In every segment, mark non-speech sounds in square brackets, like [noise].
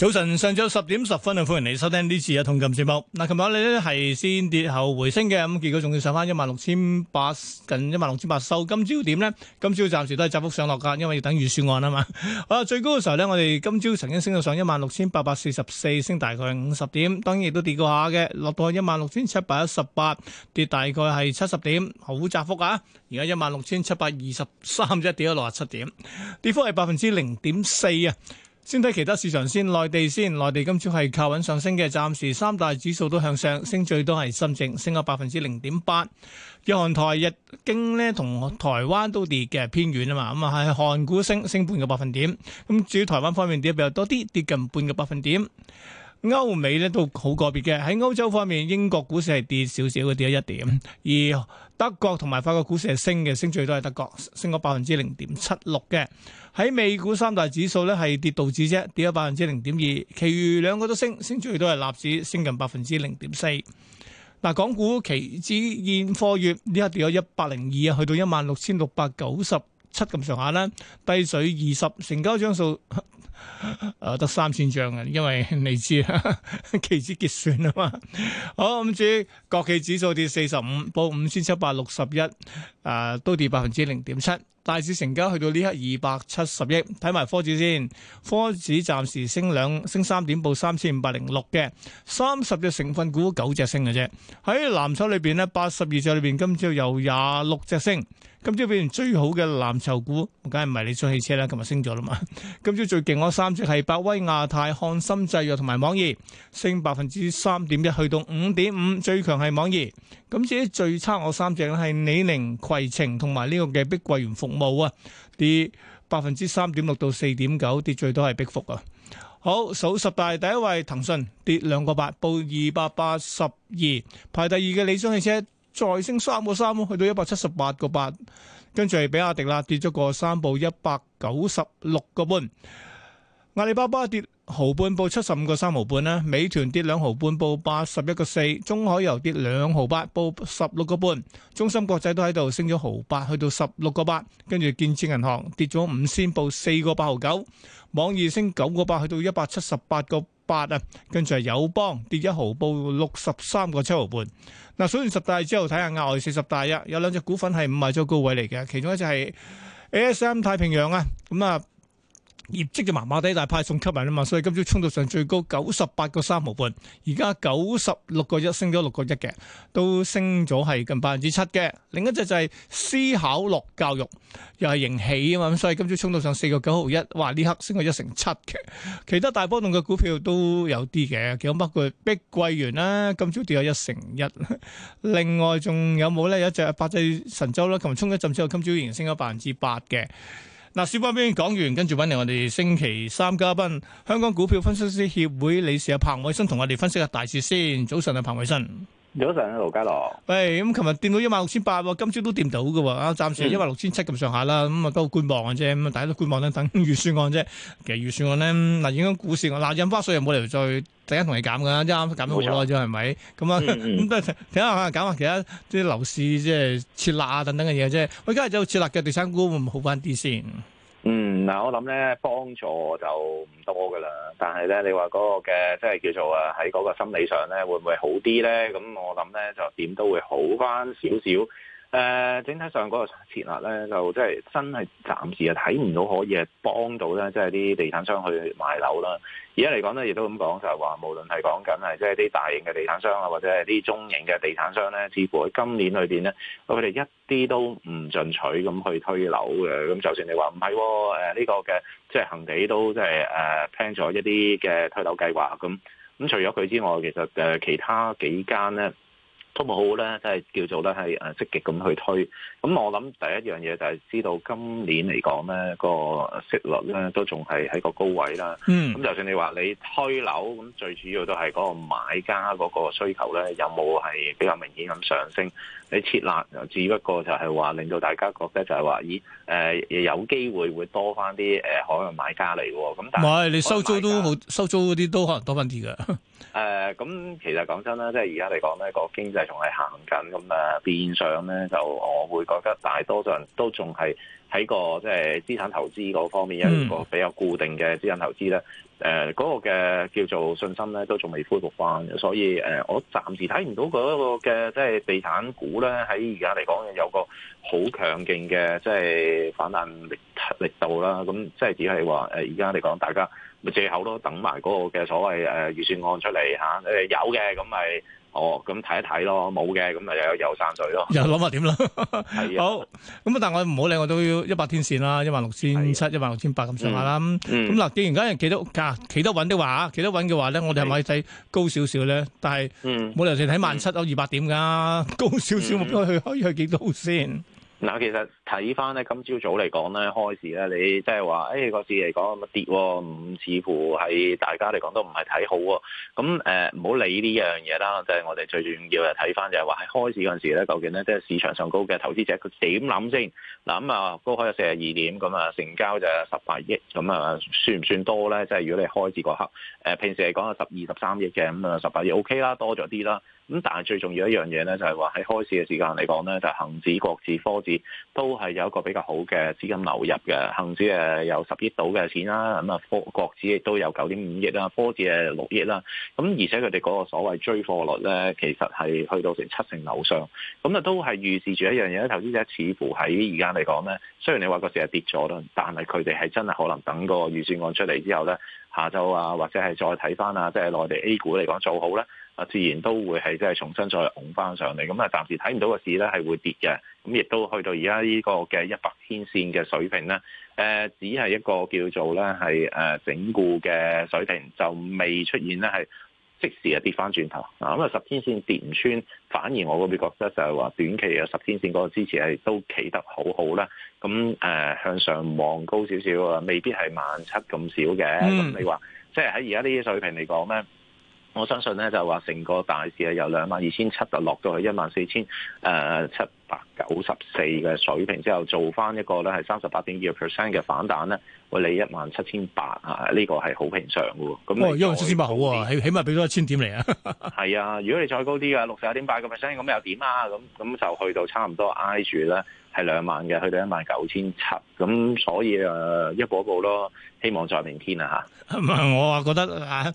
早晨，上晝十點十分啊！歡迎你收聽呢次啊，同金節目。嗱，琴日我哋咧係先跌後回升嘅，咁結果仲要上翻一萬六千八，近一萬六千八。收今朝點呢，今朝暫時都係窄幅上落㗎，因為要等預算案啊嘛。好啦，最高嘅時候咧，我哋今朝曾經升到上一萬六千八百四十四，升大概五十點。當然亦都跌過下嘅，落到一萬六千七百一十八，跌大概係七十點，好窄幅啊！而家一萬六千七百二十三，只跌咗六十七點，跌幅係百分之零點四啊。先睇其他市場先，內地先，內地今朝係靠穩上升嘅，暫時三大指數都向上，升最多係深圳，升咗百分之零點八。日韓台，日經呢同台灣都跌嘅，偏軟啊嘛，咁啊係韓股升，升半個百分點。咁至於台灣方面跌得比較多啲，跌近半個百分點。歐美咧都好個別嘅，喺歐洲方面，英國股市係跌少少嘅，跌咗一點；而德國同埋法國股市係升嘅，升最多係德國，升咗百分之零點七六嘅。喺美股三大指數咧係跌到指啫，跌咗百分之零點二，其餘兩個都升，升最多係納指，升近百分之零點四。嗱，港股期指現貨月呢下跌咗一百零二啊，去到一萬六千六百九十七咁上下啦，低水二十，成交張數。誒、呃，得三千張嘅，因為你知啊，期 [laughs] 指結算啊嘛。好，咁、嗯、之國企指數跌四十五，報五千七百六十一，誒，都跌百分之零點七。大市成交去到呢刻二百七十億，睇埋科指先。科指暫時升兩升三點，報三千五百零六嘅。三十隻成分股九隻升嘅啫。喺藍籌裏邊呢，八十二隻裏邊，今朝有廿六隻升。今朝表現最好嘅藍籌股，梗係唔係理想汽車啦？今日升咗啦嘛！今朝最勁嗰三隻係百威亞太、漢森製藥同埋網易，升百分之三點一，去到五點五。最強係網易。咁至於最差我三隻咧，係李寧、攜程同埋呢個嘅碧桂園服務啊，跌百分之三點六到四點九，跌最多係碧服啊。好，數十大第一位騰訊跌兩個八，報二百八十二。排第二嘅理想汽車。再升三個三咯，3. 3, 去到一百七十八個八，跟住係比亞迪啦跌咗個三部一百九十六個半。阿里巴巴跌毫半報七十五個三毫半啦，美團跌兩毫半報八十一個四，中海油跌兩毫八報十六個半，中芯國際都喺度升咗毫八去到十六個八，跟住建設銀行跌咗五仙報四個八毫九，網易升九個八去到一百七十八個八啊，跟住係友邦跌一毫報六十三個七毫半。嗱，數完十大之後睇下額外四十大啊，有兩隻股份係五賣咗高位嚟嘅，其中一隻係 ASM 太平洋啊，咁啊。業績就麻麻地，但派送吸引啊嘛，所以今朝衝到上最高九十八個三毫半，而家九十六個一，升咗六個一嘅，都升咗係近百分之七嘅。另一隻就係思考樂教育，又係盈喜啊嘛，所以今朝衝到上四個九毫一，哇！呢刻升過一成七嘅。其他大波動嘅股票都有啲嘅，包括碧桂園啦，啊，今朝跌過一成一。 [laughs] 另外仲有冇咧？有一隻百濟神州啦，琴日衝一陣之後，今朝連升咗百分之八嘅。嗱，小巴邊講完，跟住揾嚟我哋星期三嘉賓，香港股票分析師協會理事阿彭偉新，同我哋分析下大事先。早晨啊，彭偉新。有早上，盧家樂。喂，咁琴日掂到一萬六千八，今朝都掂到嘅喎，啊，暫時一萬六千七咁上下啦，咁啊都觀望嘅啫，咁啊大家都觀望咧，等預算案啫。其實預算案咧，嗱，已經股市嗱印花稅又冇理由再突然間同你減嘅啦，啱減咗好耐咗，係咪？咁啊，咁都睇下嚇，減下其他啲樓市即係設立啊等等嘅嘢啫。喂，今日走冇設立嘅地產股會唔會好翻啲先？嗯，嗱，我諗咧幫助就唔多噶啦，但係咧，你話嗰個嘅即係叫做啊，喺嗰個心理上咧，會唔會好啲咧？咁我諗咧，就點都會好翻少少。誒整體上嗰、那個設立咧，就即係真係暫時啊睇唔到可以係幫到啦，即係啲地產商去賣樓啦。而家嚟講咧，亦都咁講就係話，無論係講緊係即係啲大型嘅地產商啊，或者係啲中型嘅地產商咧，似乎喺今年裏邊咧，佢哋一啲都唔進取咁去推樓嘅。咁就算你話唔係喎，誒呢、這個嘅即係恆地都即係誒 plan 咗一啲嘅推樓計劃。咁咁除咗佢之外，其實誒其他幾間咧。都冇好咧，即係叫做咧係誒積極咁去推。咁我諗第一樣嘢就係知道今年嚟講咧個息率咧都仲係喺個高位啦。嗯。咁就算你話你推樓咁，最主要都係嗰個買家嗰個需求咧有冇係比較明顯咁上升？你設立，只不過就係話令到大家覺得就係話，咦？誒、呃，有機會會多返啲誒可能買家嚟喎。咁但係你收租都好，收租嗰啲都可能多返啲㗎。誒 [laughs] 、呃，咁其實講真啦，即係而家嚟講咧，個經濟仲係行緊，咁啊變相咧就我會覺得大多數人都仲係喺個即係、就係、資產投資嗰方面、嗯、一個比較固定嘅資產投資咧。誒嗰、呃那個嘅叫做信心咧，都仲未恢復翻，所以誒、呃，我暫時睇唔到嗰個嘅即係地產股咧，喺而家嚟講有個好強勁嘅即係反彈力力度啦。咁即係只係話誒，而家嚟講，大家咪藉口咯，等埋嗰個嘅所謂誒、呃、預算案出嚟嚇誒，啊、有嘅咁咪。哦，咁睇一睇咯，冇嘅，咁咪又有遊山水咯，又諗下點啦。好，咁啊，但係我唔好理，我都要一百天線啦，一萬六千七，一萬六千八咁上下啦。咁咁嗱，嗯、既然家人企得屋，企得穩的話，企得穩嘅話咧，我哋係咪睇高少少咧，的但係冇理由淨係睇萬七有二百點噶，高少少，目標去可以去幾多先？嗯 [laughs] 嗱，其實睇翻咧，今朝早嚟講咧，開市咧，你即係話，誒個市嚟講咁跌，唔似乎係大家嚟講都唔係睇好啊。咁誒唔好理呢一樣嘢啦，就係我哋最重要係睇翻就係話喺開市嗰陣時咧，究竟咧即係市場上高嘅投資者佢點諗先？嗱咁啊，高開咗四十二點，咁啊成交就有十八億，咁啊算唔算多咧？即係如果你開市嗰刻，誒平時嚟講有十二十三億嘅，咁啊十八億 OK 啦，多咗啲啦。咁但係最重要一樣嘢咧，就係話喺開市嘅時間嚟講咧，就恆指、國指、科指。都係有一個比較好嘅資金流入嘅，恒指誒有十億度嘅錢啦，咁啊科國指亦都有九點五億啦，科指係六億啦，咁而且佢哋嗰個所謂追貨率咧，其實係去到成七成樓上，咁啊都係預示住一樣嘢，投資者似乎喺而家嚟講咧，雖然你話個市係跌咗咯，但係佢哋係真係可能等個預算案出嚟之後咧，下晝啊或者係再睇翻啊，即係內地 A 股嚟講做好咧。自然都會係即係重新再拱翻上嚟，咁啊暫時睇唔到個市咧係會跌嘅，咁亦都去到而家呢個嘅一百天線嘅水平咧，誒、呃、只係一個叫做咧係誒整固嘅水平，就未出現咧係即時啊跌翻轉頭啊，咁啊十天線跌唔穿，反而我會覺得就係話短期啊十天線嗰個支持係都企得好好啦，咁、呃、誒向上望高少少啊，未必係萬七咁少嘅，咁、嗯、你話即係喺而家呢啲水平嚟講咧？我相信咧就話成個大市啊，由兩萬二千七就落到去一萬四千誒七百九十四嘅水平之後做翻一個咧係三十八點二個 percent 嘅反彈咧，我你一萬七千八啊呢、這個係好平常嘅，咁一萬、哦、七千八,八好啊，起起碼俾多一千點嚟啊。係 [laughs] 啊，如果你再高啲嘅六十一點八個 percent 咁又點啊？咁咁就去到差唔多挨住咧係兩萬嘅，去到一萬九千七，咁所以誒、呃、一步一步咯，希望在明天啊吓。唔係我啊覺得啊。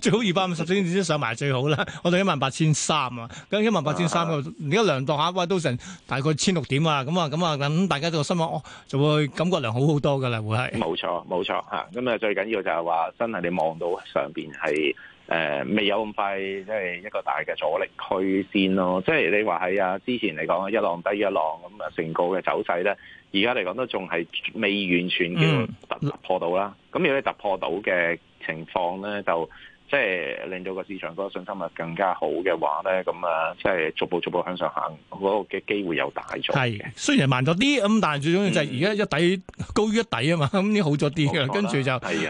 最好二百五十點先上埋最好啦！我哋一萬八千三啊，咁一萬八千三啊，而家量度下都成大概千六點啊！咁啊咁啊，咁大家都個心諗、哦，就會感覺良好好多噶啦，會係。冇錯冇錯嚇，咁、嗯、啊最緊要就係話真係你望到上邊係誒未有咁快即係一個大嘅阻力區先咯。即係你話係啊，之前嚟講啊一浪低一浪咁啊，成個嘅走勢咧，而家嚟講都仲係未完全叫突破到啦。咁、嗯、如果你突破到嘅情況咧，就即係令到個市場嗰個信心啊更加好嘅話咧，咁啊，即係逐步逐步向上行，嗰、嗰個嘅機會又大咗。係，雖然慢咗啲咁，但係最重要就係而家一底、嗯、高於一底啊嘛，咁啲好咗啲嘅，吧跟住就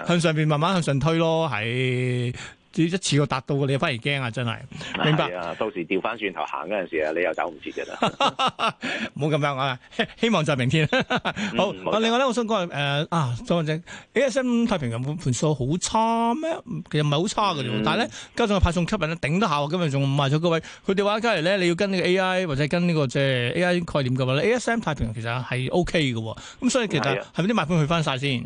向上邊慢慢向上推咯，係。一次過達到嘅你反而驚啊！真係，明白。到時調翻轉頭行嗰陣時啊，你又走唔切嘅啦。唔好咁樣啊！希望就係明天 [laughs] 好、嗯啊。另外咧，我想講誒、呃、啊，文正 ASM 太平洋盤數好差咩？其實唔係好差嘅，嗯、但係咧，加上個派送吸引咧，頂得下。今日仲唔賣咗高位。佢哋話，今日咧你要跟呢個 AI 或者跟呢個即係 AI 概念嘅話咧，ASM、嗯啊、太平洋其實係 OK 嘅。咁、啊、所以其實係咪啲賣盤去翻晒先？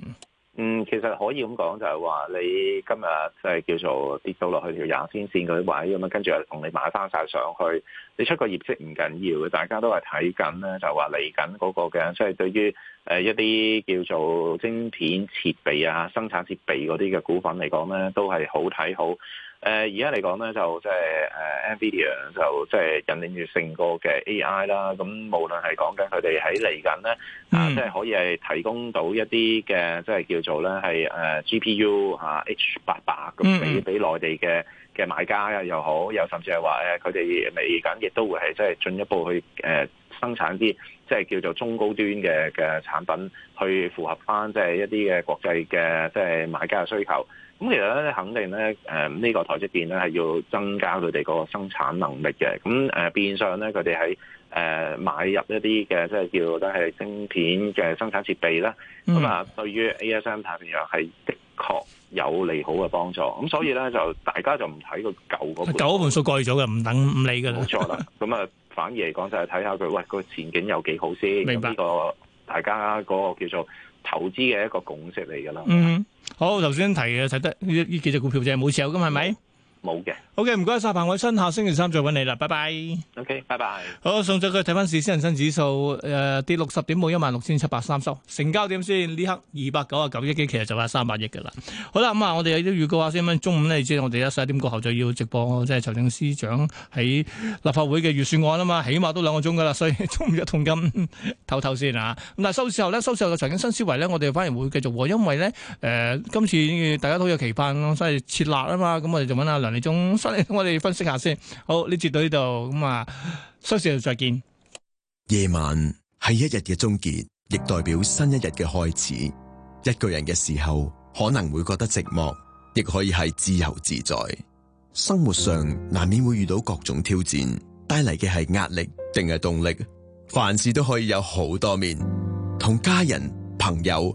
嗯，其實可以咁講就係話，你今日即係叫做跌到落去條廿天線嗰啲位咁樣，跟住又同你買翻晒上去，你出個業績唔緊要嘅，大家都係睇緊咧，就話嚟緊嗰個嘅，所以對於誒一啲叫做晶片設備啊、生產設備嗰啲嘅股份嚟講咧，都係好睇好。誒而家嚟講咧，就即係誒 NVIDIA 就即、是、係、呃、引領住成個嘅 AI 啦。咁無論係講緊佢哋喺嚟緊咧，啊即係、就是、可以係提供到一啲嘅即係叫做咧係誒 GPU 嚇、啊、H 八百咁俾俾內地嘅嘅買家啊又好，又甚至係話誒佢哋嚟緊亦都會係即係進一步去誒生產啲。即係叫做中高端嘅嘅產品，去符合返即係一啲嘅國際嘅即係買家嘅需求。咁其實咧，肯定咧，誒、呃、呢、這個台積電咧係要增加佢哋個生產能力嘅。咁誒變相咧，佢哋係誒買入一啲嘅即係叫都係芯片嘅生產設備啦。咁啊、嗯，對於 A S M 太平洋係，確有利好嘅幫助，咁所以咧就大家就唔睇個舊嗰舊嗰盤數過咗嘅，唔等唔理噶啦，冇錯啦，咁啊 [laughs] 反而嚟講就係睇下佢喂個前景有幾好先，明白。呢個大家嗰個叫做投資嘅一個共識嚟噶啦。嗯，好，頭先提嘅睇得呢呢幾隻股票就係冇 sell 嘅係咪？冇嘅。o k 唔該晒彭偉新，下星期三再揾你啦，拜拜。O、okay, K，拜拜。好，送咗佢睇翻市先，看看恒生指數誒、呃、跌六十點，冇一萬六千七百三十。成交點先？呢刻二百九啊九億幾，其實就係三百億噶啦。好啦，咁、嗯、啊，我哋有啲預告下先。中午呢，即係我哋一十一點過後就要直播，即係財政司長喺立法會嘅預算案啊嘛，起碼都兩個鐘噶啦，所以中午一痛金唞唞 [laughs] 先啊。咁但係收市後呢，收市後嘅財經新思維呢，我哋反而會繼續，因為呢，誒、呃，今次大家都有期盼咯，所以設立啊嘛，咁我哋就揾下。嚟種，所以我哋分析下先。好，呢節，到呢度，咁啊，收市又再見。夜晚係一日嘅終結，亦代表新一日嘅開始。一個人嘅時候，可能會覺得寂寞，亦可以係自由自在。生活上難免會遇到各種挑戰，帶嚟嘅係壓力定係動力。凡事都可以有好多面，同家人、朋友。